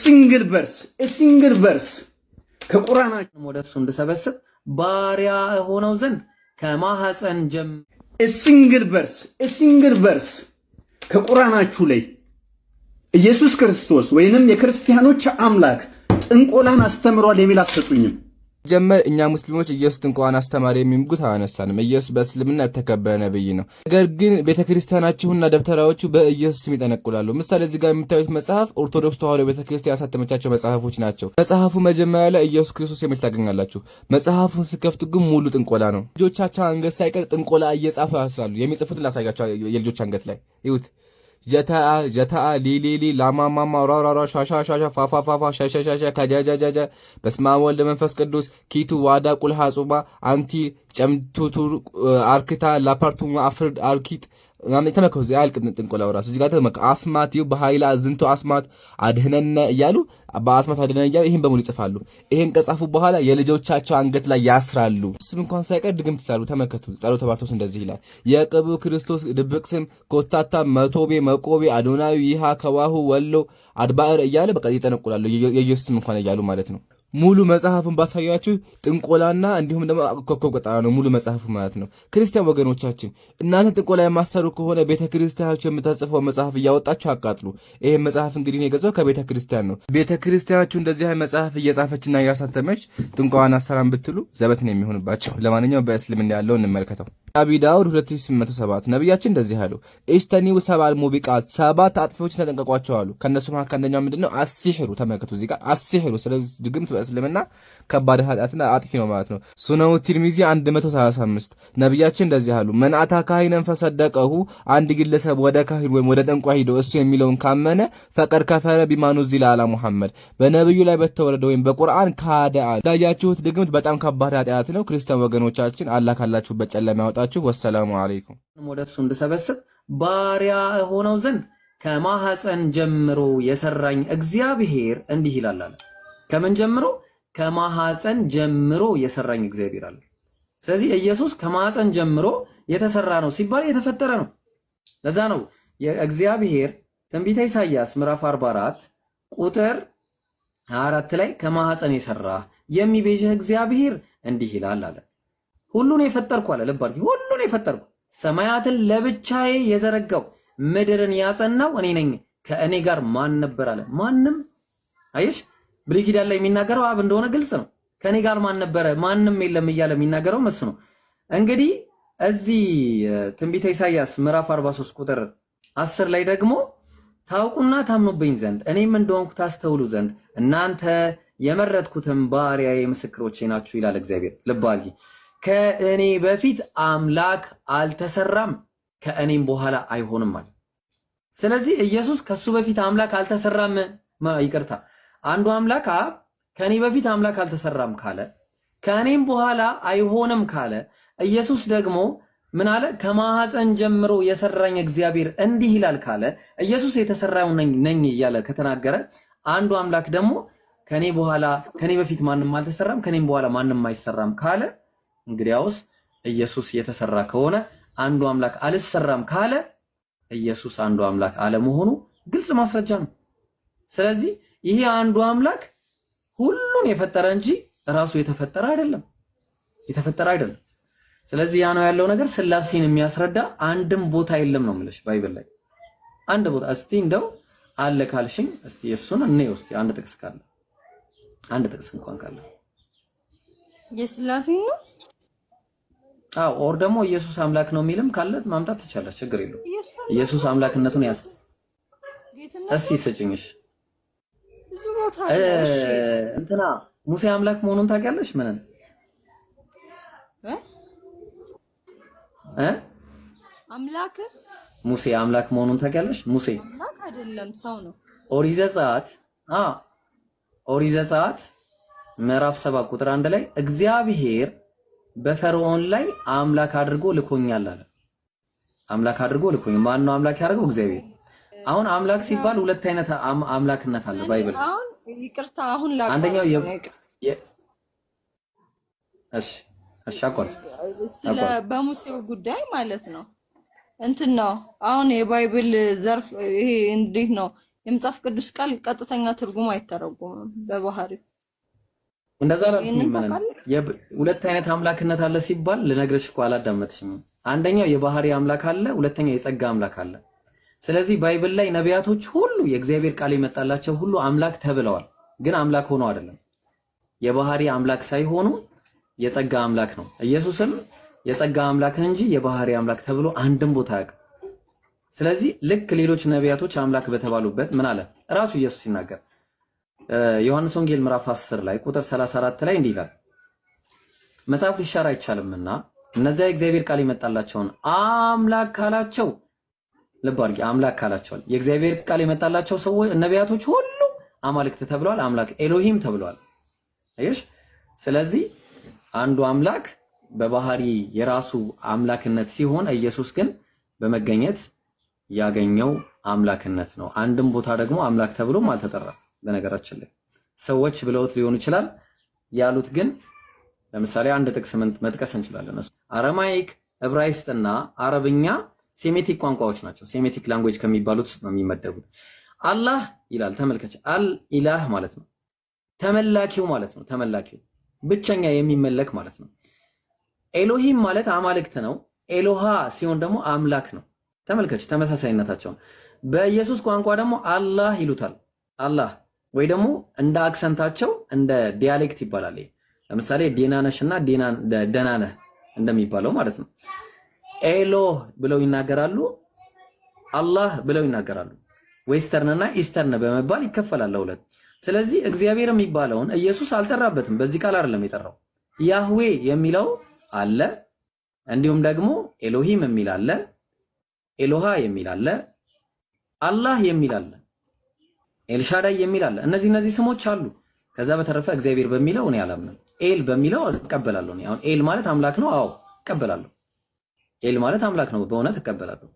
ሲንግል ቨርስ ሲንግል ቨርስ ከቁርአናችን ወደ እሱ እንድሰበስብ ባሪያ ሆነው ዘንድ ከማህፀን ጀም ሲንግል ቨርስ ሲንግል ቨርስ ከቁራናችሁ ላይ ኢየሱስ ክርስቶስ ወይንም የክርስቲያኖች አምላክ ጥንቆላን አስተምሯል የሚል አሰጡኝም። ጀመር እኛ ሙስሊሞች ኢየሱስ እንኳን አስተማሪ የሚምጉት አያነሳንም። ኢየሱስ በእስልምና የተከበረ ነብይ ነው። ነገር ግን ክርስቲያናችሁና ደብተራዎቹ በኢየሱስ ስም ይጠነቁላሉ። ምሳሌ እዚህ ጋር የምታዩት መጽሐፍ ኦርቶዶክስ ተዋህዶ ክርስቲያን ያሳተመቻቸው መጽሐፎች ናቸው። መጽሐፉ መጀመሪያ ላይ ኢየሱስ ክርስቶስ የሚል ታገኛላችሁ። መጽሐፉን ስከፍቱ ግን ሙሉ ጥንቆላ ነው። ልጆቻቸው አንገት ሳይቀር ጥንቆላ እየጻፉ ያስራሉ። የሚጽፉትን ላሳያቸው። የልጆች አንገት ላይ ይሁት ጀተአ ጀተአ ሊሊሊ ላማማማ ራራራ ሻሻሻሻ ፋፋፋፋ ሸሸሸሸ ከጀጀጀጀ በስመ አብ ወልድ መንፈስ ቅዱስ ኪቱ ዋዳ ቁልሃ ጹባ አንቲ ጨምቶቱር አርክታ አፍርድ ምናምን ጥንቆላው ራሱ ተመከ አስማት ዝንቶ አስማት አድህነነ እያሉ በአስማት አድህነነ እያሉ ይህን በሙሉ ይጽፋሉ። ይህን ከጻፉ በኋላ የልጆቻቸው አንገት ላይ ያስራሉ። ስም እንኳን ሳይቀር ድግምት ይሳሉ። ተመከቱ እንደዚህ ይላል። የቅቡ ክርስቶስ ድብቅ ስም ኮታታ መቶቤ መቆቤ አዶናዊ ይሃ ከዋሁ ወሎ አድባር እያለ በቃ ይጠነቁላሉ። የኢየሱስ ስም እንኳን እያሉ ማለት ነው። ሙሉ መጽሐፍን ባሳያችሁ ጥንቆላና እንዲሁም ደግሞ ኮከብ ቀጠራ ነው ሙሉ መጽሐፉ ማለት ነው። ክርስቲያን ወገኖቻችን እናንተ ጥንቆላ የማሰሩ ከሆነ ቤተ ክርስቲያኖች የምታጽፈው መጽሐፍ እያወጣችሁ አቃጥሉ። ይህ መጽሐፍ እንግዲህ ነው የገዛው ከቤተ ክርስቲያን ነው። ቤተ ክርስቲያናችሁ እንደዚህ አይነት መጽሐፍ እየጻፈችና እያሳተመች ጥንቆላን አሰራን ብትሉ ዘበት ነው የሚሆንባቸው። ለማንኛውም በእስልምና ያለው እንመልከተው። አቢዳውድ ዳውድ 2807 ነቢያችን እንደዚህ አሉ፣ ኢጅተኒቡ ሰባል ሙቢቃት ሰባት አጥፊዎች ተጠንቀቋቸው አሉ። ከእነሱ መካከል አንደኛው ምንድን ነው? አሲሕሩ ተመልከቱ፣ እዚህ ጋር አሲሕሩ። ስለዚህ ድግምት በእስልምና ከባድ ኃጢአትና አጥፊ ነው ማለት ነው። ሱነው ቲርሚዚ 135 ነቢያችን እንደዚህ አሉ፣ መን አታ ካሂነን ፈሰደቀሁ፣ አንድ ግለሰብ ወደ ካሂድ ወይም ወደ ጠንቋ ሂዶ እሱ የሚለውን ካመነ ፈቀድ ከፈረ ቢማኑ ኑዚለ ዐላ ሙሐመድ፣ በነቢዩ ላይ በተወረደ ወይም በቁርአን ካደ አሉ። ዳያችሁት ድግምት በጣም ከባድ ኃጢአት ነው። ክርስቲያን ወገኖቻችን አላካላችሁበት ጨለማ ያወጣ ይስጣችሁ። ወሰላሙ አለይኩም። ወደ እሱ እንድሰበስብ ባሪያ ሆነው ዘንድ ከማህፀን ጀምሮ የሰራኝ እግዚአብሔር እንዲህ ይላል አለ። ከምን ጀምሮ? ከማህፀን ጀምሮ የሰራኝ እግዚአብሔር አለ። ስለዚህ ኢየሱስ ከማህፀን ጀምሮ የተሰራ ነው ሲባል የተፈጠረ ነው። ለዛ ነው የእግዚአብሔር ትንቢተ ኢሳይያስ ምዕራፍ 44 ቁጥር አራት ላይ ከማህፀን የሰራ የሚቤዥህ እግዚአብሔር እንዲህ ይላል አለ። ሁሉን የፈጠርኩ አለ። ልብ ሁሉን የፈጠርኩ ሰማያትን ለብቻዬ የዘረጋው ምድርን ያጸናው እኔ ነኝ። ከእኔ ጋር ማን ነበር አለ? ማንም። አየሽ፣ ብሉይ ኪዳን ላይ የሚናገረው አብ እንደሆነ ግልጽ ነው። ከእኔ ጋር ማን ነበረ? ማንም የለም እያለ የሚናገረው መስ ነው። እንግዲህ እዚህ ትንቢተ ኢሳይያስ ምዕራፍ 43 ቁጥር 10 ላይ ደግሞ ታውቁና ታምኑብኝ ዘንድ እኔም እንደሆንኩ ታስተውሉ ዘንድ እናንተ የመረጥኩትም ባሪያዬ ምስክሮቼ ናችሁ ይላል እግዚአብሔር። ልብ አድርጊ ከእኔ በፊት አምላክ አልተሰራም ከእኔም በኋላ አይሆንም አለ። ስለዚህ ኢየሱስ ከሱ በፊት አምላክ አልተሰራም፣ ይቅርታ አንዱ አምላክ አብ ከእኔ በፊት አምላክ አልተሰራም ካለ ከእኔም በኋላ አይሆንም ካለ ኢየሱስ ደግሞ ምን አለ? ከማሐፀን ጀምሮ የሰራኝ እግዚአብሔር እንዲህ ይላል ካለ ኢየሱስ የተሰራው ነኝ እያለ ከተናገረ አንዱ አምላክ ደግሞ ከኔ በኋላ ከኔ በፊት ማንም አልተሰራም ከኔም በኋላ ማንም አይሰራም ካለ እንግዲያውስ ኢየሱስ የተሰራ ከሆነ አንዱ አምላክ አልሰራም ካለ ኢየሱስ አንዱ አምላክ አለመሆኑ ግልጽ ማስረጃ ነው። ስለዚህ ይሄ አንዱ አምላክ ሁሉን የፈጠረ እንጂ ራሱ የተፈጠረ አይደለም፣ የተፈጠረ አይደለም። ስለዚህ ያ ነው ያለው ነገር ስላሴን የሚያስረዳ አንድም ቦታ የለም ነው የምልሽ ባይብል ላይ አንድ ቦታ እስቲ እንደው አለ ካልሽኝ እስቲ እሱን እኔ እስቲ አንድ ጥቅስ ካለ አንድ ጥቅስ እንኳን ካለ የስላሴ ነው አዎ ኦር ደግሞ ኢየሱስ አምላክ ነው የሚልም ካለ ማምጣት ትቻለሽ፣ ችግር የለው። ኢየሱስ አምላክነቱን ያዝ። እስቲ ስጭኝሽ እንትና ሙሴ አምላክ መሆኑን ታውቂያለሽ? ምንን እ አምላክ ሙሴ አምላክ መሆኑን ታውቂያለሽ? ሙሴ አምላክ አይደለም ሰው ነው። ኦሪት ዘጸአት አ ኦሪት ዘጸአት ምዕራፍ 7 ቁጥር አንድ ላይ እግዚአብሔር በፈርዖን ላይ አምላክ አድርጎ ልኮኛል አለ። አምላክ አድርጎ ልኮኝ ማን ነው አምላክ ያደርገው? እግዚአብሔር። አሁን አምላክ ሲባል ሁለት አይነት አምላክነት አለ ባይብል። ይቅርታ፣ አሁን አንደኛው እሺ፣ እሺ፣ አቋርጥ። ስለ በሙሴው ጉዳይ ማለት ነው እንትን ነው አሁን የባይብል ዘርፍ ይሄ እንዴት ነው? የመጽሐፍ ቅዱስ ቃል ቀጥተኛ ትርጉም አይተረጉምም በባህሪው እንደዛ ሁለት አይነት አምላክነት አለ ሲባል ልነግርሽ እኮ አላዳመጥሽም። አንደኛው የባህሪ አምላክ አለ፣ ሁለተኛው የጸጋ አምላክ አለ። ስለዚህ ባይብል ላይ ነቢያቶች ሁሉ የእግዚአብሔር ቃል የመጣላቸው ሁሉ አምላክ ተብለዋል። ግን አምላክ ሆኖ አይደለም። የባህሪ አምላክ ሳይሆኑ የጸጋ አምላክ ነው። ኢየሱስም የጸጋ አምላክ እንጂ የባህሪ አምላክ ተብሎ አንድም ቦታ አያውቅም። ስለዚህ ልክ ሌሎች ነቢያቶች አምላክ በተባሉበት ምን አለ ራሱ ኢየሱስ ሲናገር ዮሐንስ ወንጌል ምዕራፍ 10 ላይ ቁጥር 34 ላይ እንዲህ ይላል፣ መጽሐፍ ሊሻር አይቻልምና እነዚያ የእግዚአብሔር ቃል ይመጣላቸውን አምላክ ካላቸው፣ ልብ አድርጊ፣ አምላክ ካላቸው የእግዚአብሔር ቃል ይመጣላቸው ሰዎች ነቢያቶች ሁሉ አማልክት ተብለዋል። አምላክ ኤሎሂም ተብለዋል። አይሽ ስለዚህ አንዱ አምላክ በባህሪ የራሱ አምላክነት ሲሆን ኢየሱስ ግን በመገኘት ያገኘው አምላክነት ነው። አንድም ቦታ ደግሞ አምላክ ተብሎም አልተጠራም። በነገራችን ላይ ሰዎች ብለውት ሊሆኑ ይችላል ያሉት ግን ለምሳሌ አንድ ጥቅስ መጥቀስ እንችላለን። እሱ አረማይክ፣ ዕብራይስጥና አረብኛ ሴሜቲክ ቋንቋዎች ናቸው። ሴሜቲክ ላንጉዌጅ ከሚባሉት ውስጥ ነው የሚመደቡት። አላህ ይላል ተመልከች። አል ኢላህ ማለት ነው ተመላኪው ማለት ነው ተመላኪው ብቸኛ የሚመለክ ማለት ነው። ኤሎሂም ማለት አማልክት ነው። ኤሎሃ ሲሆን ደግሞ አምላክ ነው። ተመልከች ተመሳሳይነታቸውን። በኢየሱስ ቋንቋ ደግሞ አላህ ይሉታል አላህ ወይ ደግሞ እንደ አክሰንታቸው እንደ ዲያሌክት ይባላል። ለምሳሌ ዲናነሽ እና ደናነህ እንደሚባለው ማለት ነው። ኤሎ ብለው ይናገራሉ፣ አላህ ብለው ይናገራሉ። ዌስተርን እና ኢስተርን በመባል ይከፈላል ለሁለት። ስለዚህ እግዚአብሔር የሚባለውን ኢየሱስ አልጠራበትም፣ በዚህ ቃል አይደለም የጠራው። ያህዌ የሚለው አለ፣ እንዲሁም ደግሞ ኤሎሂም የሚል አለ፣ ኤሎሃ የሚል አለ፣ አላህ የሚል አለ። ኤልሻዳይ የሚል አለ። እነዚህ እነዚህ ስሞች አሉ። ከዛ በተረፈ እግዚአብሔር በሚለው እኔ አላምንም። ኤል በሚለው እቀበላለሁ። አሁን ኤል ማለት አምላክ ነው። አዎ እቀበላለሁ። ኤል ማለት አምላክ ነው። በእውነት እቀበላለሁ።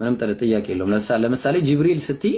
ምንም ጥያቄ የለውም። ለምሳሌ ጅብሪል ስትይ